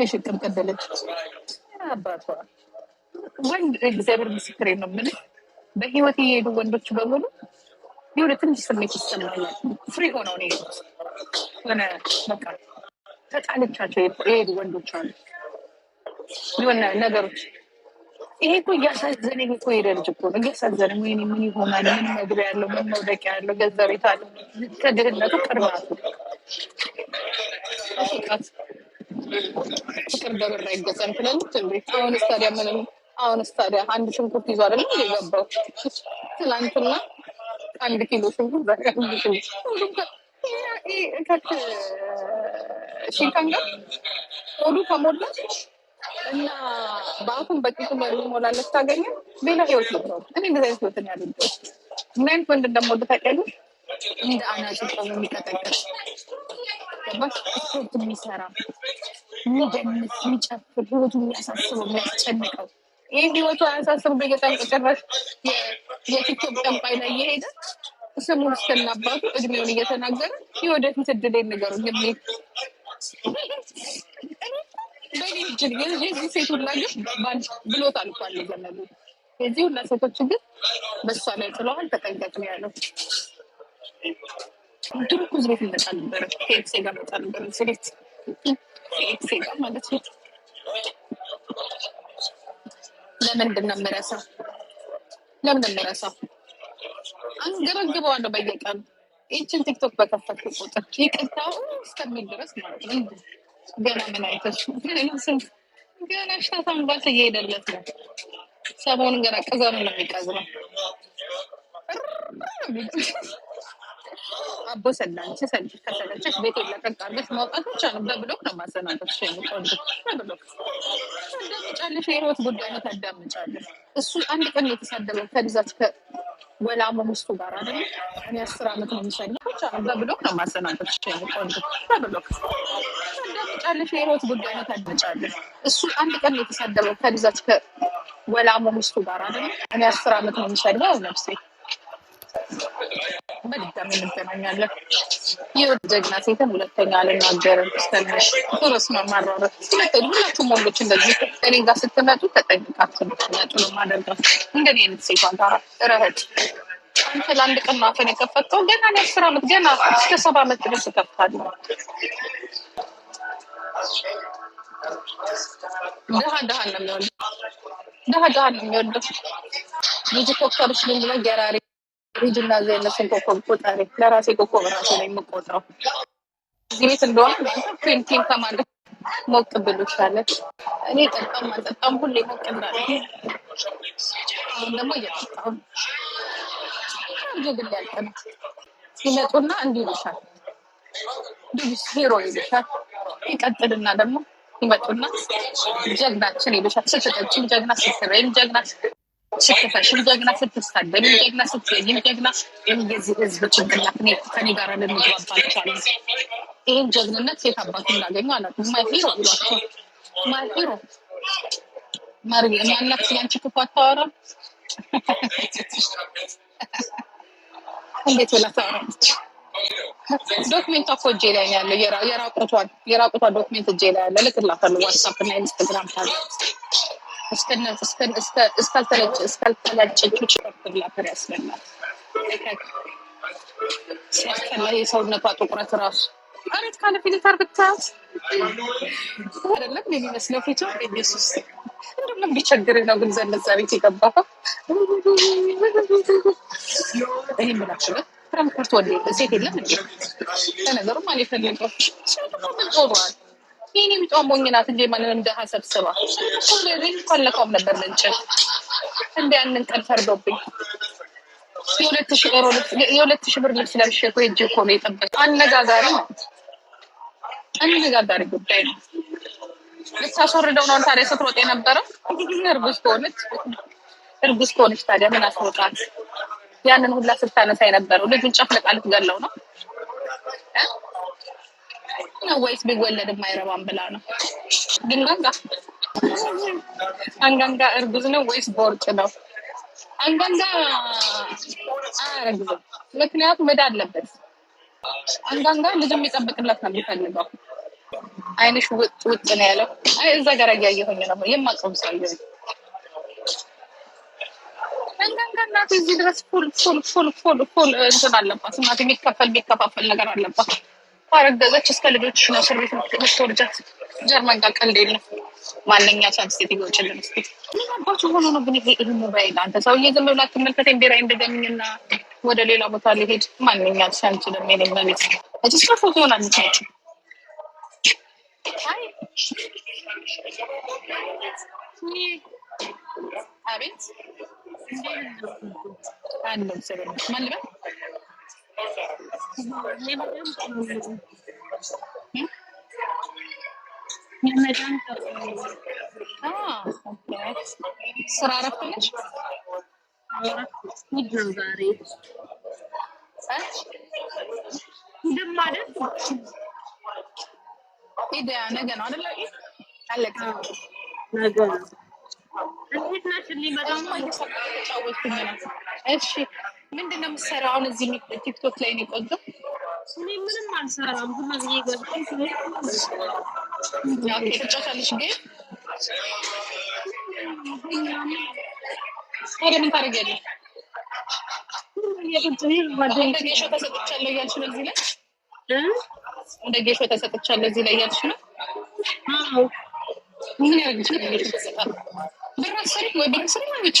የሽቅብ ቀደለች አባቷ ወንድ እግዚአብሔር ምስክር ነው ምን በህይወት የሄዱ ወንዶች በሙሉ የሆነ ትንሽ ስሜት ይሰማኛል። ፍሪ ሆነው ነው የሄዱት። ሆነ በቃ ተጣልቻቸው የሄዱ ወንዶች አሉ። የሆነ ነገሮች ይሄ እኮ እያሳዘነኝ እኮ ሄደ ልጅ እኮ ነው እያሳዘነኝ። ወይኔ ምን ይሆናል? ምን መግቢያ ያለው ምን መውደቂያ ያለው ገዛ ቤት አለ። ከድህነቱ ቅርባቱ ፍቅር በብር አይገዛም ትላለች እንዴ? አሁንስ ታዲያ ምንም አሁንስ ታዲያ አንድ ሽንኩርት ይዞ አይደለም የገባው ትላንትና አንድ ኪሎ ሽንኩርት ሽንካን ጋር ሆዱ ከሞላ እና በአፉን በቂቱ ሞላለች ታገኘ ሌላ ህይወት ነበሩ። እኔ እንደዚ አይነት ህይወት ያለ ምን አይነት ወንድ እንደምወድ ታውቂያለሽ? እንደ አናጭ ሰው የሚቀጠቀጥ ገባሽ? ስፖርት የሚሰራ የሚደንስ፣ የሚጨፍር ህይወቱ የሚያሳስበው የሚያስጨንቀው ይህ ህይወቱ አያሳስበው በየቀን ጭራሽ የቲክቶክ ጠንቋይ ላይ እየሄደ ስሙን እስከናባቱ እድሜውን እየተናገረ የወደፊት እድል ነገሩ የሚል በሊጅል የዚህ ሴት ሁላ ግን ብሎት አልኳል ዘመሉ የዚህ ሁላ ሴቶች ግን በእሷ ላይ ጥለዋል። ተጠንቀቅ ነው ያለው። ድሮ እኮ እዚህ ቤት እንመጣ ነበረ። ከኤፍሴ ጋር መጣ ነበረ እዚህ ቤት ጋር ማለት ነው። ለምንድን ነው የምረሳው? ለምን የምረሳው? አንገበግበዋለሁ በየቀኑ ይችን ቲክቶክ በከፈትኩ ቁጥር ይቅርታው እስከሚል ድረስ ማለት ነው። ገና ምን አይተሽ ገና ሻታን ባስ እየሄደለት ነው። ሰሞኑን ገና ቅዘኑ ነው የሚቀዝ ነው። አቦ ሰላን ሰልች ከሰለቸች ቤት የለቀቃበት ማውጣት ብቻ ነው። በብሎክ ነው ማሰናበት የሚቆልብ በብሎክ እንደምጫለሽ የህይወት ጉዳይ ነው ታዳምጫለሽ። እሱ አንድ ቀን የተሳደበ ከዛች ከወላሞ ሚስቱ ጋር አደ እኔ አስር አመት ነው የሚሰ ብቻ ነው። በብሎክ ነው ማሰናበት የሚቆልብ በብሎክ እንደምጫለሽ የህይወት ጉዳይ ነው ታዳምጫለሽ። እሱ አንድ ቀን የተሳደበ ከዛች ከወላሞ ሚስቱ ጋር አደ እኔ አስር አመት ነው የሚሰድበው ነፍሴ በድጋሚ እንገናኛለን። ይህ ጀግና ሴትን ሁለተኛ አልናገርም። ስተነሽ ቶሎስ ነው ማራረት። ሁለቱም ወንዶች እንደዚህ እኔ ጋር ስትመጡ ተጠንቅቃችሁ ስትመጡ ነው ማደርጋችሁ። እንደኔ አይነት ሴቷን ጋራ ረህድ አንተ ለአንድ ቀን ነው የከፈትከው። ገና ነው አስር አመት ገና እስከ ሰባ አመት ድረስ እከፍታለሁ። ድሀ ድሀ ነው የሚወደው ድሀ ድሀ ነው የሚወደው ብዙ ኮከሮች ምንድነው ገራሪ ሪጅና ዚ ኮኮብ ኮከብ ለራሴ ኮኮብ ራሱ ነው የምቆጥረው። እዚህ ቤት እንደሆነ ፌንቲን ከማለት ሞቅ ብሎሻለች። እኔ ጠጣም አልጠጣም ሁሌ ሞቅ እንዳለ አሁን ደግሞ እየጠጣሁ ጀግል ያልቅ ነው ሲመጡና እንዲህ ይሉሻል፣ ዱስ ሄሮ ይሉሻል። ይቀጥልና ደግሞ ይመጡና ጀግናችን ይሉሻል። ስትጠጪም ጀግና ስትበይም ጀግና ስትፈሽም ጀግና፣ ስትሳደብም ጀግና፣ ስትዘይም ጀግና። የዚህ ህዝብ ችግር ከኔ ጋር ልንግባባ ይህን ጀግንነት ሴት አባቱ እንዳገኙ አላውቅም። ማይ ይሏቸው ማይ ሂሮ ማናት ያንቺ ክፉ አታወራም። እንዴት ብላ ታወራለች? ዶክሜንቷ እኮ እጄ ላይ ያለ የራቁቷ ዶክሜንት እጄ ላይ ያለ ልክላታለሁ። ዋትሳፕ እና ኢንስታግራም ታለ እስካልተላጨችው ችረብር ላፈር ያስበላል። ሲያስጠላ የሰውነቷ ጥቁረት ራሱ አረት ካለ ፊልተር ብታያት አይደለም የሚመስለው ፊቱ ኢየሱስ እንደምን ቢቸግር ነው ግን ዘነዛ ቤት የገባ ይህ ምላችሁ ነ ፍራንክፈርት ወደ ሴት የለም እንዴ ለነገሩም አልፈለገች ሲሆን ደግሞ ይህኔ ቢጫንቦኝ ናት እንዴ ማንን እንደሃ ሰብስባ ፈለቀውም ነበር ልንችል እንደ ያንን ቀን ፈርዶብኝ የሁለት ሺህ ብር ልብስ ለብሼ እኮ ሂጅ እኮ ነው የጠበቅ አነጋጋሪ ነው። አነጋጋሪ ጉዳይ ነው። ልታስወርደው ነው ታዲያ ስትሮጥ የነበረው እርጉዝ ከሆነች እርጉዝ ከሆነች ታዲያ ምን አስወጣት? ያንን ሁላ ስታነሳ የነበረው ልጁን ጨፍልቃ ልትገለው ነው። ነው ወይስ ቢወለድ የማይረባም ብላ ነው? ግንጋንጋ አንጋንጋ እርጉዝ ነው ወይስ በወርቅ ነው? አንጋንጋ አያረግዝም፣ ምክንያቱም መዳ አለበት። አንጋንጋ ልጅ የሚጠብቅለት ነው የሚፈልገው። አይንሽ ውጥ ውጥ ነው ያለው። አይ እዛ ጋር እያየሁኝ ነው የማቀም ሰው አንጋንጋ እናቴ እዚህ ድረስ ፉል ፉል ፉል ፉል ፉል እንትን አለባት እናቴ። የሚከፈል የሚከፋፈል ነገር አለባት አረገዘች እስከ ልጆች ነው እስር ቤት ምትወርጃት። ጀርመን ጋር ቀልድ የለም። ማንኛው ሰዓት ሴት ይወጭልን ስ ምናባቸው ሆኖ ነው ግን ይሄ ይህ ሞባይል አንተ ሰውዬ ዝም ብላ ትመልከት ቢራይ እንደገኝና ወደ ሌላ ቦታ ሊሄድ ማንኛ ሰዓት ደሞ የለኛ ቤት እጅስ ፎቶ ሆን አቤት እንዴ አለው ሰበ ማን ልበል ስራ እረፍት ነሽ? እሑድ ነገ ነው አይደል? አለቀ ነገ ነው። ምንድን ነው የምትሰራው አሁን እዚህ ቲክቶክ ላይ ነው ቆንጆ? እኔ ምንም አልሰራም። ሁሉ ጊዜ ትጫወታለሽ ግን ታዲያ ምን ታደርጊያለሽ? እንደ ጌሾ ተሰጥቻለሁ እያልሽ ነው እንደ ጌሾ ተሰጥቻለሁ እዚህ ላይ እያልሽ ነው። ምን ያደርግሽ? ብር አትሰሪም ወይ ብር ነው ውጪ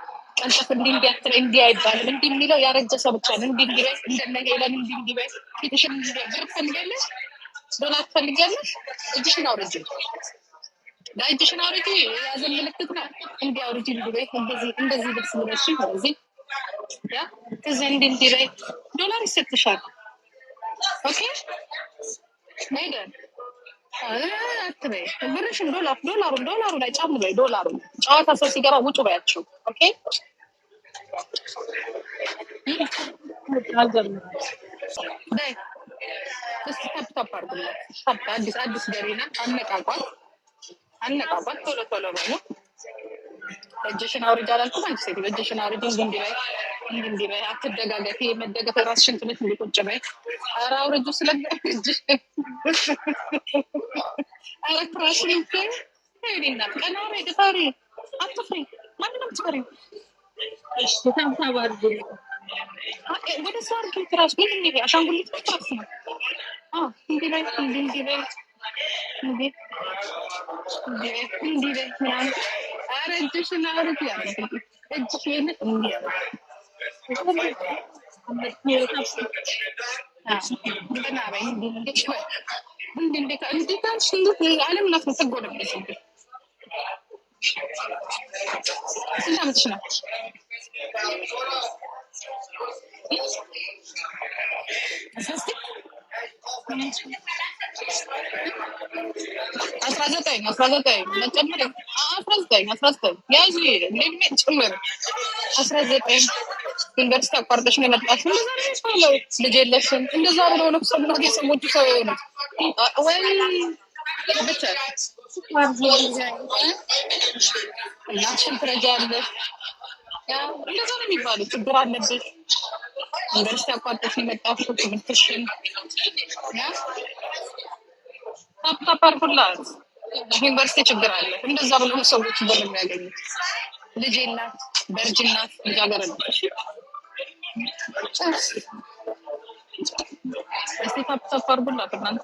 ቀልጠፍ እንዲህ እንዲህ አትል እንዲህ አይባልም። እንዲህ የሚለው ያረጀ ሰው ብቻ ነው። እንዲህ እንዲህ በይስ እንደነ ሄለን እንዲህ እንዲህ በይስ ፊትሽን ብር ትፈልጊያለሽ፣ ዶላር ትፈልጊያለሽ፣ እጅሽን አውርጅ፣ እጅሽን አውርጂ ያዘን ምልክት ነው። እንዲህ አውርጂ እንዲህ በይ፣ እንደዚህ እንደዚህ ልብስ ምለሽ፣ ስለዚህ ያ ከዚያ እንዲህ እንዲህ በይ ዶላር ይሰጥሻል። ኦኬ ሄደን አትበይ። ብርሽን ዶላር ዶላሩ ዶላሩ ላይ ጫም በይ። ዶላሩ ጨዋታ ሰው ሲገባ ውጡ በያቸው። ኦኬ አዲስ አዲስ ገቢ አነቃቋት፣ አነቃቋት። ቶሎ ቶሎ በሉ እጅሽን አውርድ አላልኩም? አንቺ ሴት እጅሽን አውርድ፣ እንዲህ በይ፣ እንዲህ በይ፣ አትደጋገፊ። መደገፍ የራስሽን ትምህርት እንዲህ በይ። ኧረ አውርጁ ስለ ኧረ ክራሽን እኮ ይሄድና ቀና በይ፣ አትፍሪ፣ ማንንም ትፈሪ። እሺ ወደ ምን ነው በይ፣ በይ፣ በይ ምናምን Our education, our education, education in India. እንዴታ ስንት ዓለም ናት ተጎደበት ስንት ዓመትሽ ነው? ስ አስራ ዘጠኝ አስራ ዘጠኝ መጨመር እንደዛ ነው ሰብሎ ችግር አለብሽ ዩኒቨርሲቲ አቋርጠሽ ነው ዩኒቨርሲቲ ችግር አለ። እንደዛ ብሎ ሰዎች ብር የሚያገኙት ልጅ ናት፣ በርጅ ናት፣ ልጃገረድ እስቲ ታፕ ታፕ አድርጉላት እናንተ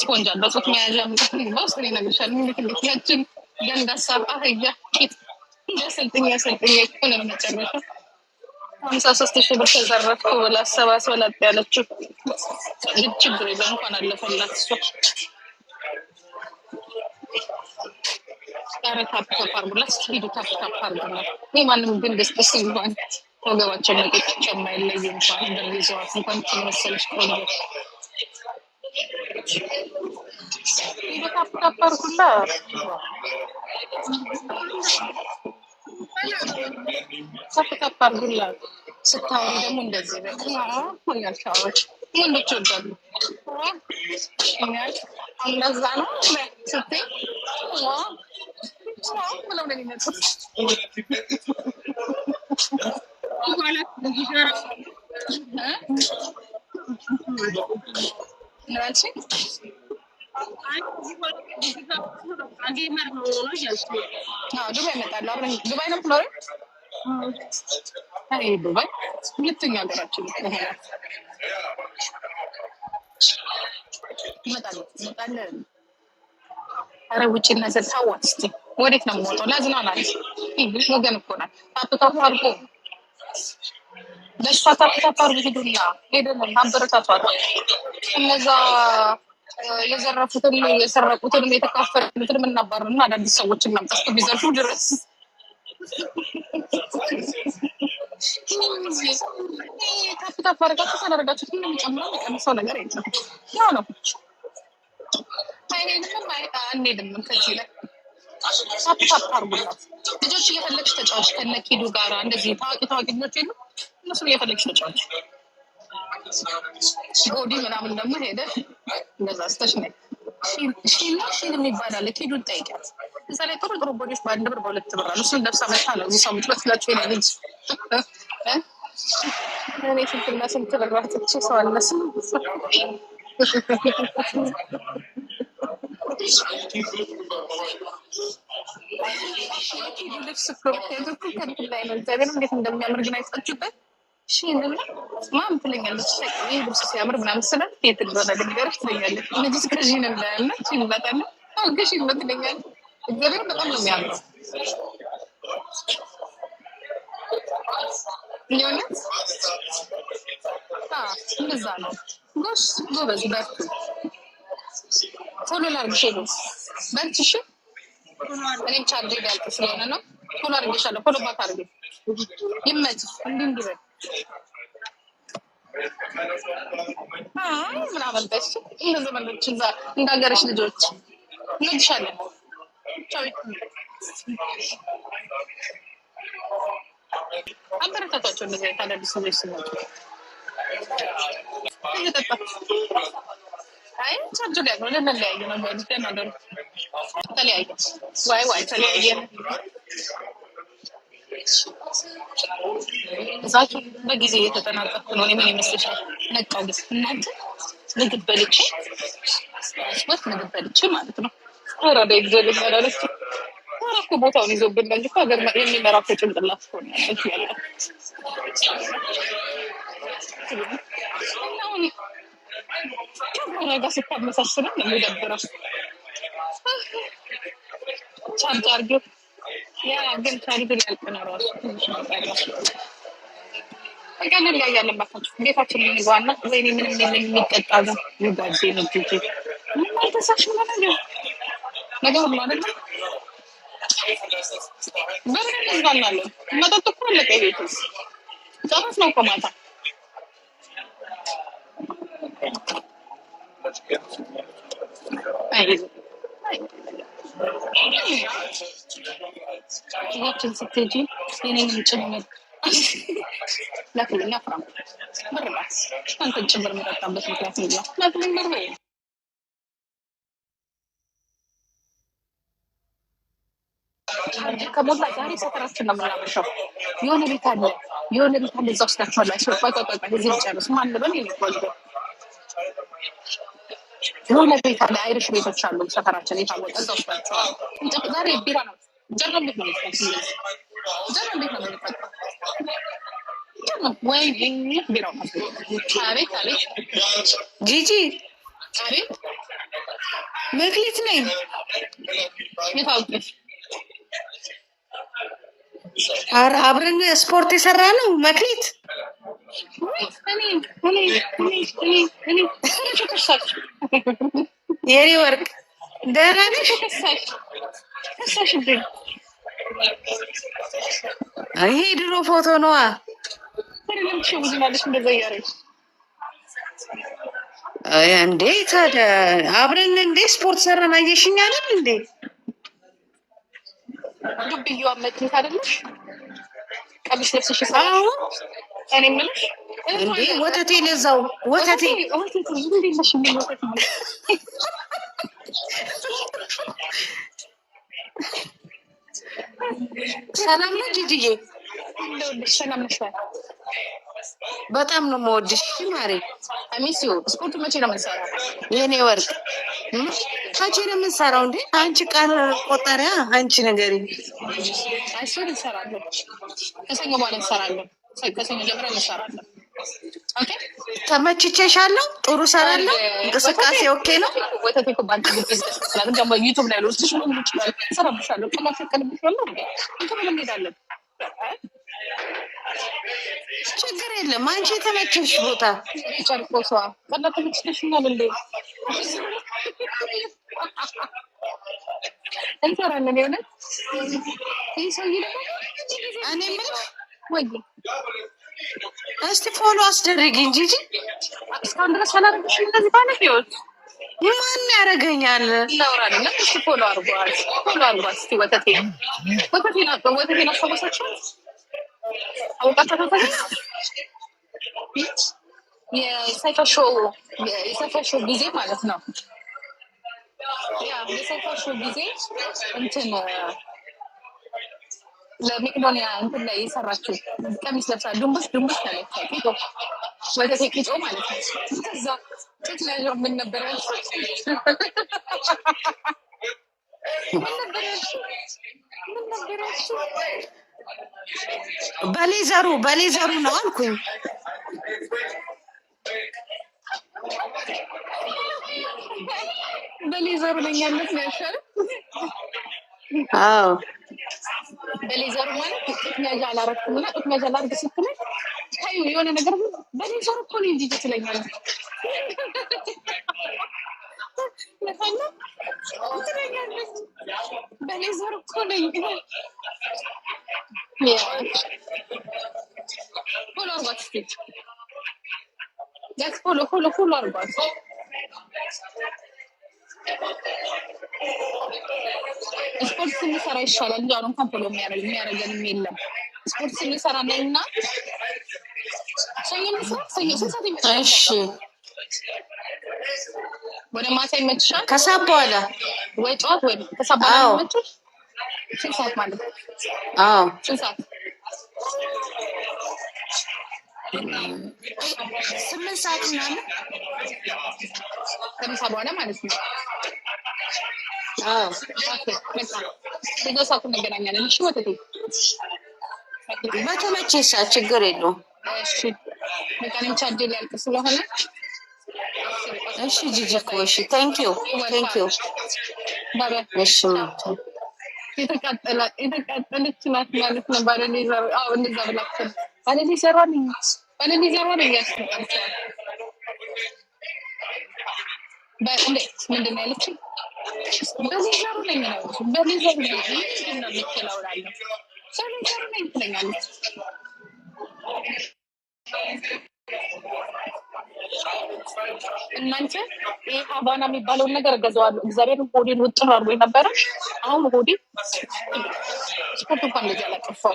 ስፖንጅ አለ ጡት መያዣ በውስጥ ላይ ነግርሻል። እንዴት እንዴት ያችን ገንዳሳ አህያ ኬት እያሰልጥኝ ያሰልጥኝ ሆነ መጨረሻ ሀምሳ ሶስት ሺህ ብር ተዘረፍኩ ብላ አሰባስባ ላጥ ያለችው ችግር የለም እንኳን አለፈላት እሷ ኧረ ታፕ ታፕ አድርጉላት እስኪ ሂዱ ታፕ ታፕ አድርጉላት ይህ ማንም ግን ደስ ደስ እንኳን ወገባቸው መጠጫቸው የማይለይ እንኳን ብር እንኳን ትመሰለች ቆንጆ እየተካፈርኩላ ከፍ ስታወሩ ደግሞ እንደዚህ በቃ ሆኛልሻዎች ወንዶች ይወዳሉ። እንደዛ ነው ስትይ ብለው ነው የሚመጡት። ዱባይ እመጣለሁ። አብረን ዱባይ ነው የምትኖሪው? ዱባይ ሁለተኛ ሀገራችን እመጣለን። ኧረ ውጭ እነዚያ ታዋት እስኪ ወዴት ነው የምወጣው? ላዝናናት ወገን እኮ ናት። ለእሷ ታፈታፋር ሄዱና እነዛ የዘረፉትን የሰረቁትንም የተካፈሉትንም እናባርና አዳዲስ ሰዎች እናምጣስ ቢዘርፉ ድረስ ታፍታፍ አድርጋችሁ ምንም ጨምረው የቀንሰው ነገር የለም። ያው ነው። አንሄድም ከዚህ ላይ አድርጉላት ልጆች እየፈለግሽ ተጫዋች ከነኪዱ ጋር እንደዚህ ታዋቂ ታዋቂ ልጆች የሉም እነሱ እየፈለግሽ ተጫዋች ጎዲ ምናምን ደግሞ ሄደ እንደዛ ስተሽ ነ ሺና ሺን የሚባል አለ። ጠይቂያት። እዛ ላይ ጥሩ ጥሩ ጎዲዎች በአንድ ብር በሁለት ብር አሉ። እሱን ለብሳ መታ ነው እዚህ ሰው ምትመስላቸው ይነ ልጅ እኔ ስንትና ስንት ብራትች ሰው አነሱ ልብስ ፍሮ ከድኩ ከድኩ ላይ ነው እግዚአብሔር እንዴት እንደሚያምር ግን አይጸችበት እሺ እንደምን ምናምን ትለኛለች። ይህ ልብስ ሲያምር ምናምን ስላት የት እንደሆነ ልንገርሽ ትለኛለች። እነዚህ ስከሽ ነበረና ይመጣለ ገሽ ነው ትለኛለች። እግዚአብሔር በጣም ነው የሚያምረው። የእውነት እንደዛ ነው። ጎሽ ጎበዝ፣ በርቱ። ቶሎ ላርግሽ ነው በርትሽ። እኔም ቻርጅ ያልቅ ስለሆነ ነው። ቶሎ አርግሻለሁ። ቶሎ ባክ አርግ። ይመችሽ። እንዲህ እንዲበል ምናምን በሱ ለዘመኖች እዛ እንዳገረሽ ልጆች እንልሻለን። አበረታቷቸው እንደዚህ አዳዲስ ልጆች ሲመጡ ተለያየ ዋይ ዋይ ተለያየ እዛቸው በጊዜ የተጠናቀኩ ነው። ምን ይመስልሻል? ነቃ ጊዜ እናንተ ምግብ በልቼ ስወት ምግብ በልቼ ማለት ነው። ኧረ በእግዚአብሔር ይመላለስ እኮ ቦታውን ይዞብን እንጂ ሀገር የሚመራ እኮ ጭንቅላት ሆነ ያለው ከሆነ ጋር ስታመሳስለን የሚደብረው ቻንጫ አርጌ ያ ግን ታሪክ ሊያልቅ ነው ራሱ ትንሽ ነው በቃ እንለያያለን። ባካችሁ ቤታችን የሚጓና ወይኔ ምንም የለም የሚጠጣ ግን ውጋዜ ነው ጅ ምንም አልተሳሽ ሆነ ነገር ነገር ሁሉ አለ በምን እንዝናናለን? መጠጥ እኮ አለቀ። ቤት ጨረስ ነው እኮ ይሄችን ስትጂ የኔን ጭምር ላክልኝ ፍራ ብር ናት። አንተን ጭምር የምጠጣበት ምክንያት ነው። ላክልኝ ብር ከሞላ ዛሬ ሰፈራችን ነው የሆነ ቤት አለ የሆነ ቤት አለ እዛ ወስዳችኋል። የሆነ ቤት አለ አይርሽ ቤቶች አሉ ሰፈራችን የታወቀ እዛ ዛሬ ቢራ ነው जन्म भी खरीद सकती है जन्म भी खरीद सकती है क्या मतलब ये गिरा अरे अरे जी जी अरे बिल्कुल नहीं አረ አብረን ስፖርት የሰራ ነው መክሊት የኔ ወርቅ ደህና ነሽ? ይሄ ድሮ ፎቶ ነዋ። እንዴ ታዲያ አብረን እንዴ ስፖርት ሰራን። አየሽኝ አይደል እንዴ ቀሚስ ለብሰሽ እኔ የምልሽ እንዴ ወተቴ ለዛው ወተቴ ወተቴ ሰላም ነው ጂጂዬ? በጣም ነው የምወድሽ ማሬ። ሚስ ስፖርት መቼ ነው የምንሰራው? የኔ ወርቅ መቼ ነው የምንሰራው? እንዴ አንቺ ቃል ቆጠሪያ አንቺ ነገር አይሱን እንሰራለን። ከሰኞ በኋላ እንሰራለን። ከሰኞ ጀምረን እንሰራለን። ኦኬ ተመችቼሻለሁ። ጥሩ ሰራለሁ። እንቅስቃሴ ኦኬ ነው። ችግር የለም። አንቺ የተመቸሽ ቦታ እንሰራለን። የሆነ ይህ ሰውዬ ደግሞ እኔ ወይ እስቲ ፎሎ አስደረግ እንጂ እንጂ እስካሁን ድረስ አላደረግሽ። እንደዚህ ባለት ህይወት ማን ያደርገኛል? እናወራለን። እስቲ ፎሎ አድርጓል፣ ፎሎ አድርጓል። እስቲ ወተቴ ወተቴ ናት፣ ወተቴ ናት። ሰቦሳቸው አወቃቸው ወተቴ የሰይፈ ሾው የሰይፈ ሾው ጊዜ ማለት ነው። ያ የሰይፈ ሾው ጊዜ እንትን ለሜቄዶኒያ እንትን ላይ የሰራችው ቀሚስ ለብሳ ድንቡሽ ድንቡሽ ታለች። ቂጦ ወተቴ ቂጦ ማለት ነው። ከዛ ጭት ላይ ምን ነበር በሌዘሩ በሌዘሩ ነው አልኩኝ። በሌዘሩ ለኛነት ነው ያሻለ። አዎ በሌዘሩ ማለት ጡት መያዣ አላረኩም እና ጡት መያዣ ላርግ ስትለኝ ታዩ የሆነ ነገር በሌዘሩ እኮ ነው እንጂ ትለኛለች። ትለኛለች በሌዘሩ እኮ ነኝ። ፎሎ አርጓት ሁሉ ፎሎ ፎሎ አርጓት ስፖርት ስንሰራ ይሻላል እንጂ አሁን እንኳን ፎሎ የሚያደርገንም የለም። ስፖርት ስንሰራ ነን እና እሺ፣ ወደ ማታ ይመችሻል። ከሰዓት በኋላ ወይ ጠዋት ወይ ከሰዓት በኋላ ይመችሽ። ስንት ሰዓት ማለት ነው? አዎ ስንት ሰዓት ስምንት ሰዓት ምናምን ከምሳ በኋላ ማለት ነው። ሰዓት እንገናኛለን። እሺ ወተቴ በተመቸሽ ችግር የለውም። እኔም ቻርጅ ሊያልቅ ስለሆነ እሺ ጂጂኮ እሺ። ታንኪዩ ታንኪዩ። እሺ የተቃጠለች ናት ማለት ነው። ባለ እንደዛ ብላ ባለሌ ዘሯ ነኝ ባለሌ ዘሯ ነኝ ያስቀምጠዋል። ምንድን ነው ነኝ ነው ነኝ ነው የምትለው ነኝ ትለኛለች። እናንተ ይህ ሀቫና የሚባለውን ነገር እገዛዋለሁ። እግዚአብሔር ሆዴን ውጥር አድርጎ ነበረ። አሁን ሆዴ ስፖርት እንኳን እንደዚህ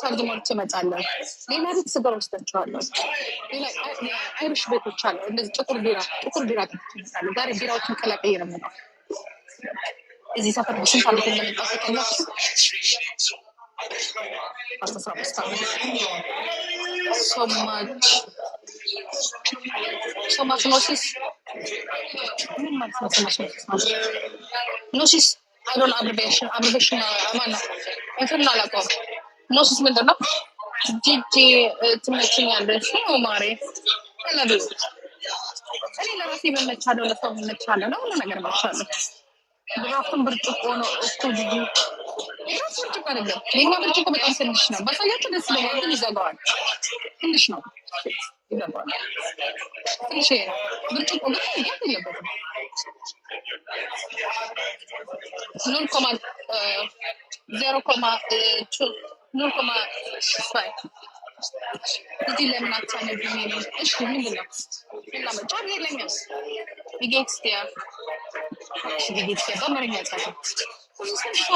ሰርግ ሞልቼ እመጣለሁ። ሌላ ቤት ስጋ ወስዳቸዋለሁ። አይሽ ቤቶች አለ እንደዚህ ጥቁር ቢራ ጥቁር ቢራ ይመጣሉ። ዛሬ ቢራዎችን ቀላቀየ ነው እዚህ ሰፈር ስንት ዓመት እንደመጣ ሰጠኛቸው። አስራ አምስት ሶማች ሶማች ኖሲስ ምን ማለት ነው? ሶማች ኖሲስ ኖሲስ አይ ዶንት እንትን አላውቀውም ነው ስስ ምንድን ነው ጂጂ ትመችኛለሽ ማሬ ለብዙ እኔ ለራሴ መመቻለው ለሰው መመቻለው ነው ነገር መቻለሁ። ራሱን ብርጭቆ ነው እኮ ጂጂ ራሱ ብርጭቆ አይደለም። የኛ ብርጭቆ በጣም ትንሽ ነው። በሳያቸው ደስ ይለኛል፣ ግን ይዘጋዋል። ትንሽ ነው ይዘጋዋል። ትንሽ ነው ብርጭቆ ግን ይገት የለበትም። ኑል ኮማ ዜሮ ኮማ ኖርኮማ ባይ እዚህ ለምን አታነብኝ? እሺ ምንድን ነው እና መጫር የለኛም ጌትስቲያ በአማርኛ ጻፈ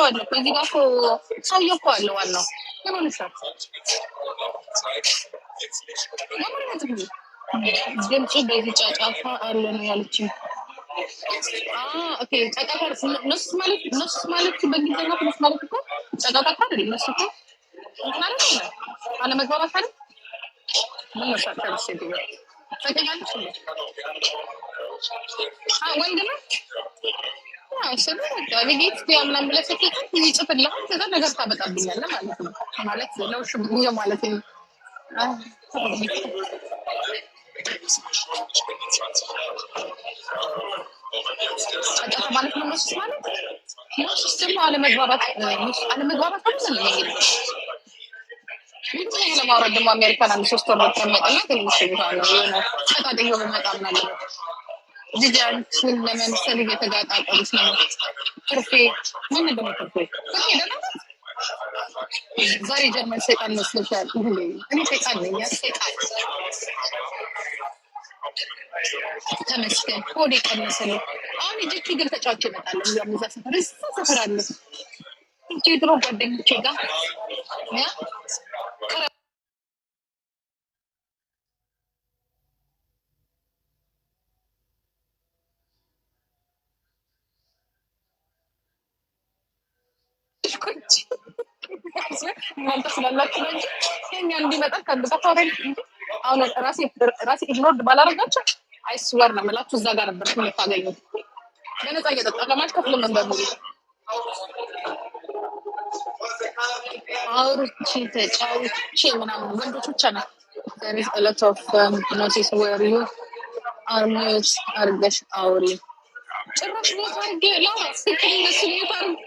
አለ እዚህ ጋር እኮ እኮ አለ ዋናው ለምን ሰት ለምንነት ብ ድምፁ በዚህ ጫጫታ አለ ነው ያለችኝ። ጫጫታ ነሱስ ማለት ነሱስ ማለት በእንግሊዝኛ ነሱስ ማለት እኮ ጫጫታ እኮ አይደለም ነሱ እኮ አለመግባባት አለ ነገር ታበጣብኛለህ ማለት ነው። ማለት ነው ማለት ነው ማለት ነው ማለት አለመግባባት አለመግባባት ለማውረድ ደግሞ አሜሪካን አንድ ሶስት ወር ብትቀመጥና ትንሽ ይሆናል የሆነ በመጣ ምናለ ጂጂ ለመምሰል እየተጋጣጠሩት ነው። ትርፌ ምን እንደሆነ ትርፌ ትርፌ ደህና ዛሬ ጀርመን ሰይጣን መስሎሻል። እኔ ሰይጣን ነኝ። ሰይጣን ተመስገን ሆዴ ቀነሰ አሁን እጅቹ ግን ተጫዋች ይመጣል። እዛ ሰፈር እዛ ሰፈር አለ ድሮ ጓደኞቼ ጋር እናንተ ስላላችሁ ነው እንጂ የኛ እንዲመጣ ከልበታታ አሁን ራሴ ራሴ ኢግኖርድ ባላረጋቸው አይስዋር ነው የምላችሁ። እዛ ጋር ነበር የምታገኙት በነፃ እየጠጣ ለማለት ከፍልም ነበር ሙሉ አውርቼ ተጫውቼ ምናምን ወንዶች ብቻ ነው ዘሪስ አለቶፍ ኖቲስ ወር ዩ አርሚዎች አርገሽ አውሪ ጭራሽ ቦታ አርጌ ላ ስክል አርጌ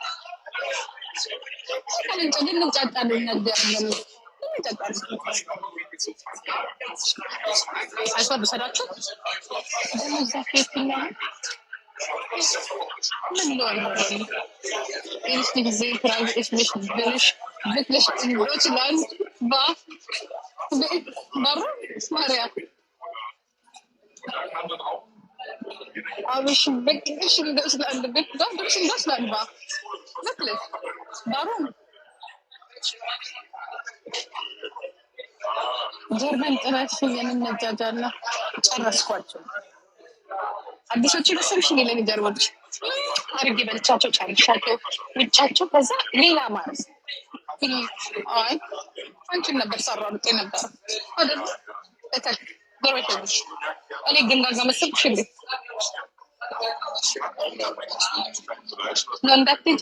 ግን እንጫጫለን ነበር አልፈርሰዳችሁ ደግሞ እዛ ፌትኛ ምን እንደሆነ ትንሽ ጊዜ ትራንዚሽ ብልሽ ብትልሽ እንዶች ላይ ባ በሩ ማርያ አብሽ በቅሽ እንደስላል በቅሽ እንደስላል ባ ብትልሽ ባሩን ጀርመን ጥረት የምንነጃጃና ጨረስኳቸው። አዲሶቹ ይመስልሽ ሌለን ጀርመኖች አድርጌ በልቻቸው ጨርሻቸው ውጫቸው። ከዛ ሌላ ማለት አይ አንቺን ነበር ሰራ ሩጤ ነበር እኔ ግን ጋዛ መሰልኩሽ እንዴ ነው እንዳትሄጂ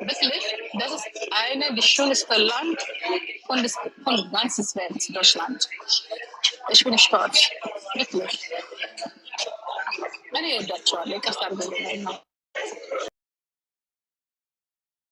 wirklich, das ist eine der schönsten Land von, des, von ganzen Welt, Deutschland. Ich bin stolz, wirklich. Meine Deutsche, ich kann es